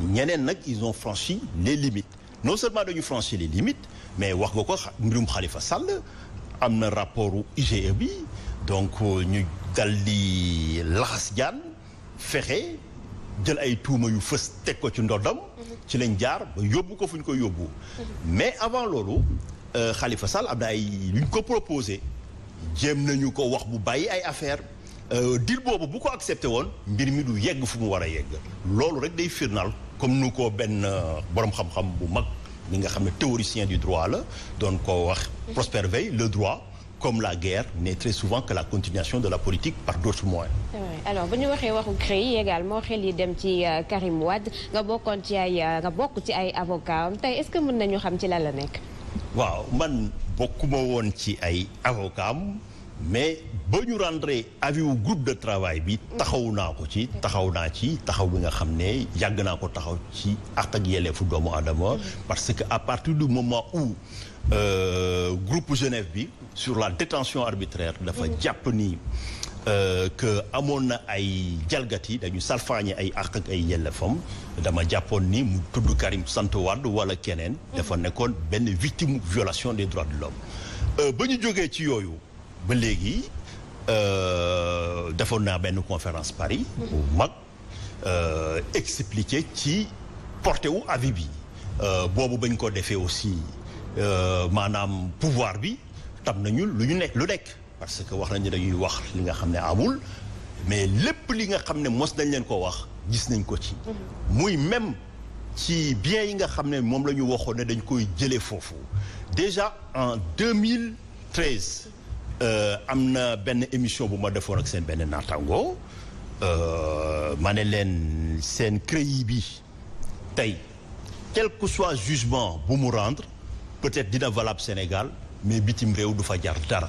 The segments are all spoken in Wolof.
ñeneen nag ils ont franchi les limites non seulement dañu franchir les limites mais wax nga ko mbirum Khalifa Sall am na rapportu IGE bi donc euh, ñu dal di laxas jaan fexe jël ay tuuma yu fës teg ko ci ndoddam mhm. ci lañ jaar ba yóbbu ko fu ñu ko yóbbu mhm. mais avant loolu xalifa euh, Sall am na ay lu ko proposé jéem nañu ko wax bu bàyyi ay affaire euh, deal boobu bu ko accepté woon mbir mi du yegg fu mu war a yegg loolu rek day firnaal comme nu ko benn euh, borom xam-xam bu mag li nga xam ne théoricien du droit la doon ko wax mm-hmm. Prosper Veil le droit comme la guerre n'est très souvent que la continuation de la politique par d'autres moyens. alors bu ñu waxee waxu CREI également xel yi dem ci euh, Karim Wade nga bokkoon ci ay euh, nga bokk ci ay avocats tey est-ce que mën nañu xam ci lan la nekk. waaw man bokkuma woon ci ay avocats mais ba ñu rendre aviou wu groupe de travail bi taxawu naa ko ci taxaw naa ci taxaw bi nga xam ne yàgg naa ko taxaw ci àq ak yelleefu doomu aadama parce que à partir du moment où euh, groupe Genève bi sur la détention arbitraire dafa mm-hmm. jàpp ni euh, que amoon na ay jalgati dañu salfaañe ay àq ak ay yelleefam dama jàppoon ni mu tudd Karim sant Wade wala keneen dafa mm-hmm. nekkoon benn victime violation des droits de l'homme euh, ba ñu jógee ci yooyu ba léegi euh, defoon naa benn conférence Paris. Mhm. bu mag euh, expliquer ci porté wu avis bi. Euh, boobu bañ ko defee aussi maanaam pouvoir bi tam nañu lu ñu nekk lu nekk. parce que wax nañu dañuy wax li nga xam ne amul mais lépp li nga xam ne mos nañ leen ko wax gis nañ ko ci. Mhm. muy même ci biens yi nga xam ne moom la ñu waxoon ne dañ koy jëlee foofu déjà en 2013. Euh, am na benn émission bu ma defoon ak seen benn naataango euh, ma ne leen seen CREI bi tey quel que soit jugement bu mu rendre peut-être dina valable Sénégal mais bitim réew du fa jar dara.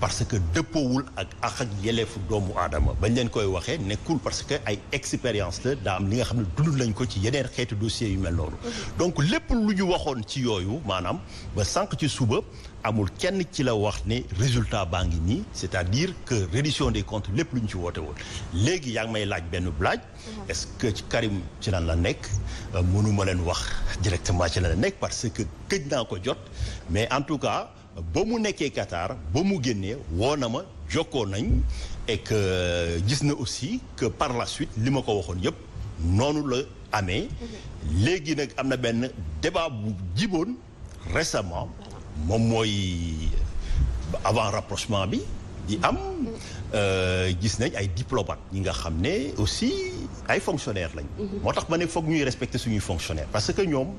parce que dëppoowul ak ak ak yeleefu doomu aadama bañ leen koy waxee nekkul parce que ay expérience la daa am li nga xam ne dund lañ ko ci yeneen xeetu dossier yu mel noonu mhm. donc lépp lu ñu waxoon ci yooyu maanaam ba sànq ci suba amul kenn ci la wax ne résultat baa ngi nii c'est-à-dire que reddition des comptes lépp lu ñu ci woote woon léegi yaa ngi may laaj benn laaj mhm. est-ce que ci Karim ci lan la nekk euh, mënuma leen wax directement ci lan la nekk parce que këj naa ko jot mhm. ba mu nekkee Qatar ba mu génnee woo na ma jokkoo nañ et euh, gis na aussi que par la suite li ma ko waxoon yëpp noonu la amee léegi nag am na benn débat bu jiboon récemment moom mooy avant rapprochement bi di am euh, gis nañ ay diplomate ñi nga xam ne aussi ay fonctionnaire lañ mhm. moo tax ma ne foog ñuy respecter suñuy fonctionnaire parce que ñoom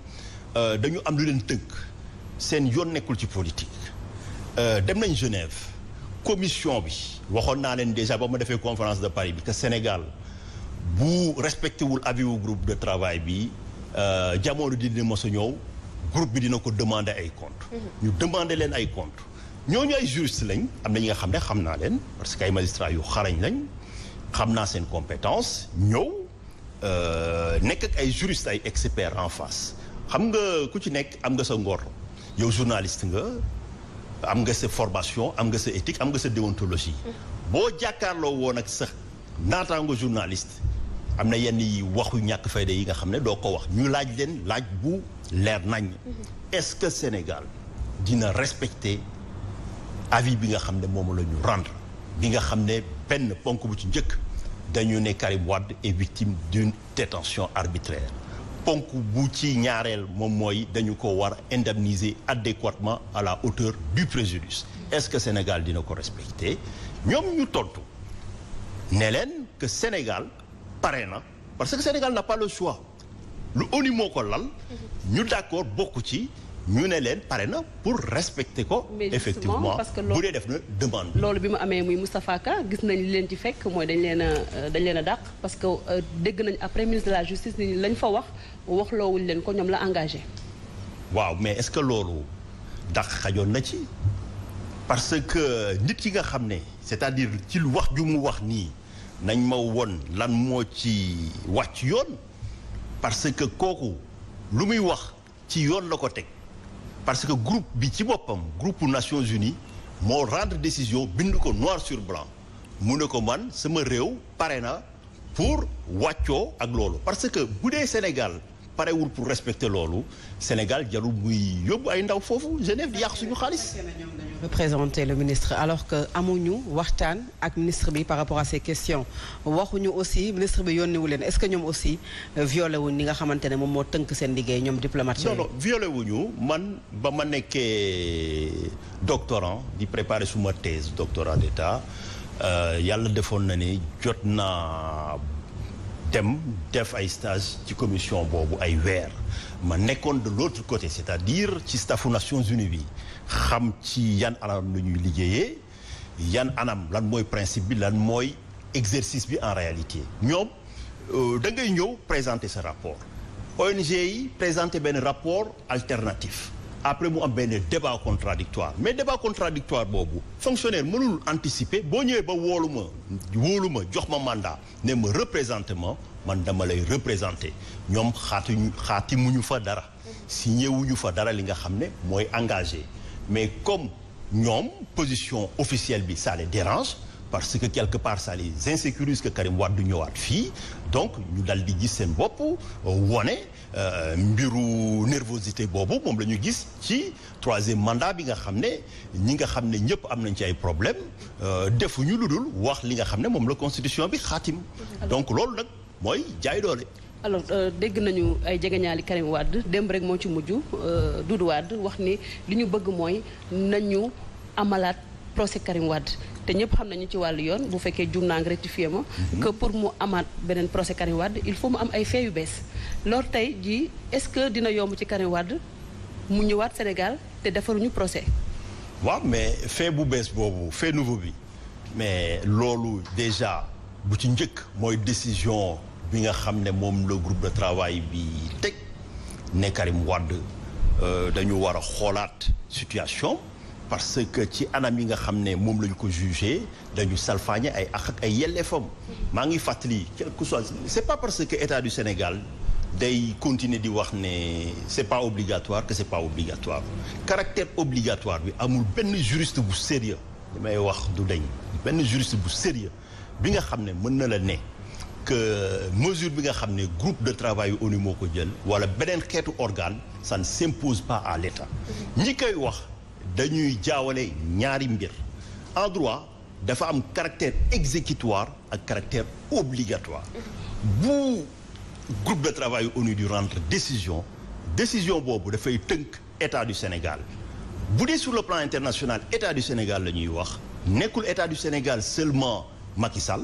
euh, dañu am lu leen tënk seen yoon nekkul ci politique euh, dem nañ Genève commission bi waxoon naa leen déjà ba ma defee confrance de Paris bi que Sénégal bu respecté wul avis groupe de travail bi euh, jamono di dina mos a ñëw groupe bi dina ko demander ay comptes. Mm-hmm. ñu demander leen ay comptes ñooñu ay juristes lañ am na ñi nga xam ne xam naa leen parce que ay magistrats yu xarañ lañ xam naa seen compétence ñëw euh, nekk ak ay juristes ay experts en face xam nga ku ci nekk am nga sa ngor. yow journaliste nga am nga sa formation am nga sa éthique am nga sa déontologie boo jàkkaarloo woon ak sax naataango journaliste am na yenn yi waxu ñàkk fayda yi nga xam ne doo ko wax ñu laaj leen laaj bu leer nañ est-ce que Sénégal dina respecter avis bi nga xam ne moom la ñu rendre bi nga xam ne benn ponk bu ci njëkk dañu ne Karim Wade est victime d'une détention arbitraire ponk bu ci ñaareel moom mooy dañu ko war indemniser adéquatement à la hauteur du préjudice est-ce que Sénégal dina ko respecter ñoom ñu tontu ne leen que Sénégal pare na parce que Sénégal n'a pas le choix lu ONU ko lal ñu d'accord bokk ci ñu ne leen pare na pour respecter ko. effectivement parce que bu dee def na demande. loolu bi mu amee muy Moustapha Ka gis nañ leen ci fekk mooy dañ leen a euh, dañ leen a dàq parce que euh, dégg nañ après ministre de la justice ni lañ fa wax waxloowuñ leen ko ñoom la engagé. waaw mais est-ce que loolu dàq xajoon na ci parce que nit ki nga xam ne c'est-à-dire ci lu wax ju mu wax nii nañ ma won lan moo ci wax ci yoon parce que kooku lu muy wax ci yoon la ko teg. parce que groupe bi ci boppam groupe Nations Unies moo rendre décision bind ko noir sur blanc mu ne ko man sama réew pare na pour wàccoo ak loolu parce que bu dee Sénégal parewul pour respecter loolu Sénégal jarul muy yóbbu ay ndaw foofu Genève di yàq suñu xaalis. représenter le ministre alors que amuñu waxtaan ak ministre bi par rapport à ces questions waxuñu aussi ministre bi yónniwu leen est-ce que ñoom aussi euh, violé wuñ li nga xamante ne moom moo tënk seen liggéey ñoom diplomate. non non violé wuñu man ba ma nekkee doctorant di préparer suma thèse doctorat d'état euh, yàlla defoon na ni jot na dem def ay stage ci commission boobu ay weer ma nekkoon de l'autre côté c'est-à-dire ci staffu Nations Unies bi xam ci yan anam la ñuy liggéeyee yan anam lan mooy principe bi lan mooy exercice bi en réalité ñoom euh, da ngay ñëw présenter sa rapport ONG yi benn rapport alternatif après mu am benn débat contradictoire mais débat contradictoire boobu fonctionnaire mënul anticiper boo ñëwee ba woolu ma wóolu ma jox ma mandat ne ma représenté ma man dama lay représenté ñoom xaatuñu ñu fa dara si wuñu fa dara li nga xam ne mooy engagé mais comme ñoom position officielle bi ça les dérange parce que quelque part ça les insécurise que Karim Wade du ñëwaat fii donc ñu dal di gis seen bopp wone euh, mbiru nervosité boobu moom lañu gis ci troisième mandat bi nga xam ne ñi nga xam ne ñëpp am nañ ci ay problème euh, defuñu lu dul wax li nga xam ne moom la constitution bi xaatim donc loolu nag mooy jaay doole alors euh, dégg nañu ay jegeñaali Karim Wade démb rek moo ci mujj Doudou Wade wax ni li ñu bëgg mooy nañu amalaat procès Karim Wade te ñëpp xam nañu ci wàllu yoon bu fekkee juum naa nga rectifié ma mhm. que pour mu amaat beneen procès Karim Wade il faut mu am ay faits yu bees loolu tey jii est-ce que dina yomb ci Karim Wade mu ñëwaat Sénégal te defaruñu procès waaw mais fait bu bees boobu fait nouveau bi mais loolu déjà bu ci njëkk mooy décision bi nga xam ne moom le groupe de travail bi teg ne Karim Wade euh, dañu war a xoolaat situation parce que ci anam yi nga xam ne moom lañu ko jugé dañu salfaañe ay ak ak ay yelleefam maa ngi fàttali quel que soit c'est pas parce que état du Sénégal day continuer di wax ne c'est pas obligatoire que c'est pas obligatoire caractère obligatoire bi amul benn juriste bu sérieux li wax du dañ benn juriste bu sérieux bi nga xam ne mën na la ne que mesure bi nga xam ne groupe de travail yu ONU moo ko jël wala beneen xeetu organe ça ne s'impose pas à l'État dañuy jaawale ñaari mbir en droit dafa am caractère exécutoire ak caractère obligatoire bu groupe de travail ONU di rendre décision décision boobu dafay tënk état du Sénégal bu dee sur le plan international état du Sénégal la ñuy wax nekkul état du Sénégal seulement Macky Sall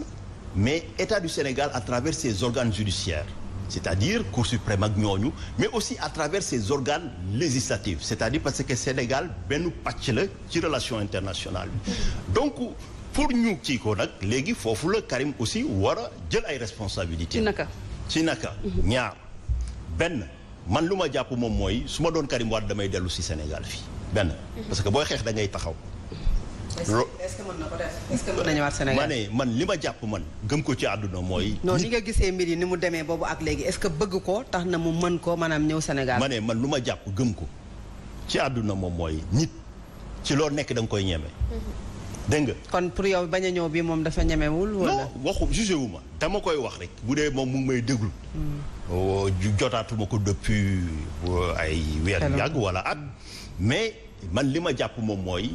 mais état du Sénégal à travers ses organes judiciaires c'est-à-dire Cour suprême ak ñooñu mais aussi à travers ses organes législatifs c'est-à-dire parce que Sénégal benn pàcc la ci relation internationale bi donc pour ñu ci ko nag léegi foofu la Karim aussi wara jël ay responsabilités. ci naka ci naka. Mhm. ñaar benn man lu ma jàpp moom mooy su ma doon Karim Wade damay dellu si Sénégal fii benn. Mhm. parce que booy xeex da ngay taxaw. est que mën na ko ma ne man li ma jàpp man gëm ko ci àdduna mooy. non li nga gisee mbir yi ni mu demee boobu ak léegi est que bëgg ko tax na mu mën ko maanaam ñëw Sénégal. ma man lu ma jàpp gëm ko ci àdduna moom mooy nit ci loo nekk danga koy ñeme. Mhm. dégg nga. kon pour yow bañ a ñëw bi moom dafa ñemewul wala. non waxu jugé wu ma dama koy wax rek bu dee moom mu ngi may déglu. Mhm. Oh, jotaatuma ko depuis oh, ay weer yàgg wala at mais man li ma jàpp moom mooy.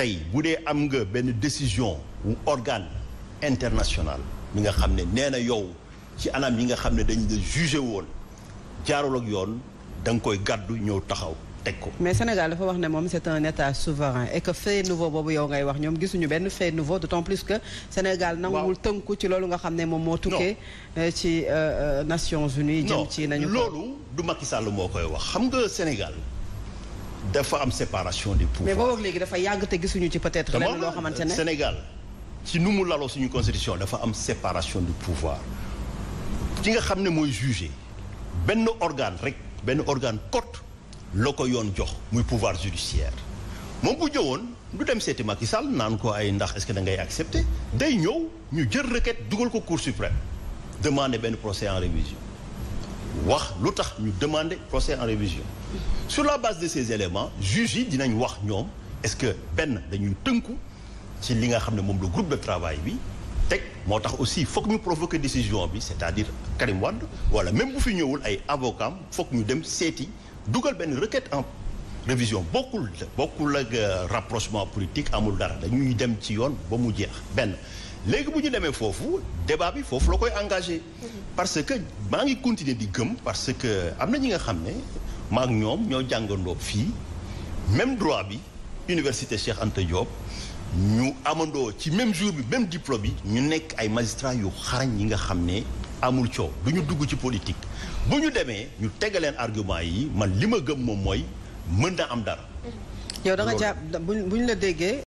tey bu dee am nga benn décision wu organe international mi nga xam ne nee na yow ci anam yi nga xam ne dañ la jugé woon jaarul ak yoon da nga koy gàddu ñëw taxaw teg ko. mais Sénégal dafa wax ne moom c'est un état souverain et que fait nouveau boobu yow ngay wax ñoom gisuñu benn fait nouveau d'autant plus que Sénégal nanguwul tënku ci loolu nga xam ne moom moo tukkee euh, ci euh, euh, Nations Unies jëm ci nañu loolu du Macky Sall moo koy wax xam nga Sénégal dafa am séparation des pouvoirs. mais léegi dafa yàgg te gisuñu ci peut-être. lenn loo ne Sénégal ci nu mu laloo suñu constitution dafa am séparation du pouvoir ki nga xam ne mooy juger benn organe rek benn organe cote la ko yoon jox muy pouvoir judiciaire moom bu ñëwoon du dem seeti Macky Sall naan ko ay ndax est-ce que da ngay accepter day ñëw ñu jël requête dugal ko cour suprême demander benn procès en révision wax lu tax ñu demande procès en révision. sur la base de ces éléments juges yi dinañ wax ñoom est-ce que benn dañuy tënku ci li nga xam ne moom le groupe de travaay bi teg moo tax aussi foog ñu provoquer décision bi c'est-à-dire Karim Wade wala même bu fi ñëwul ay avocats foog ñu dem seeti dugal benn requête en révision bokkul bokkul ak euh, rapprochement politique amul dara dañuy dem ci yoon ba mu jeex benn léegi bu ñu demee foofu débat bi foofu la koy engagé mm-hmm. parce que maa ngi continuer di gëm parce que am na ñi nga xam ne ma ñoom ñoo jàngandoo fii même droit bi université Cheikh Anta Diop ñu amandoo ci même jour bi même diplôme bi ñu nekk ay magistrats yu xarañ yi nga xam ne amul coow du ñu dugg ci politique bu ñu demee ñu tegaleen argument yi man li ma gëm moom mooy mën na am dara. yow da nga jàpp la déggee.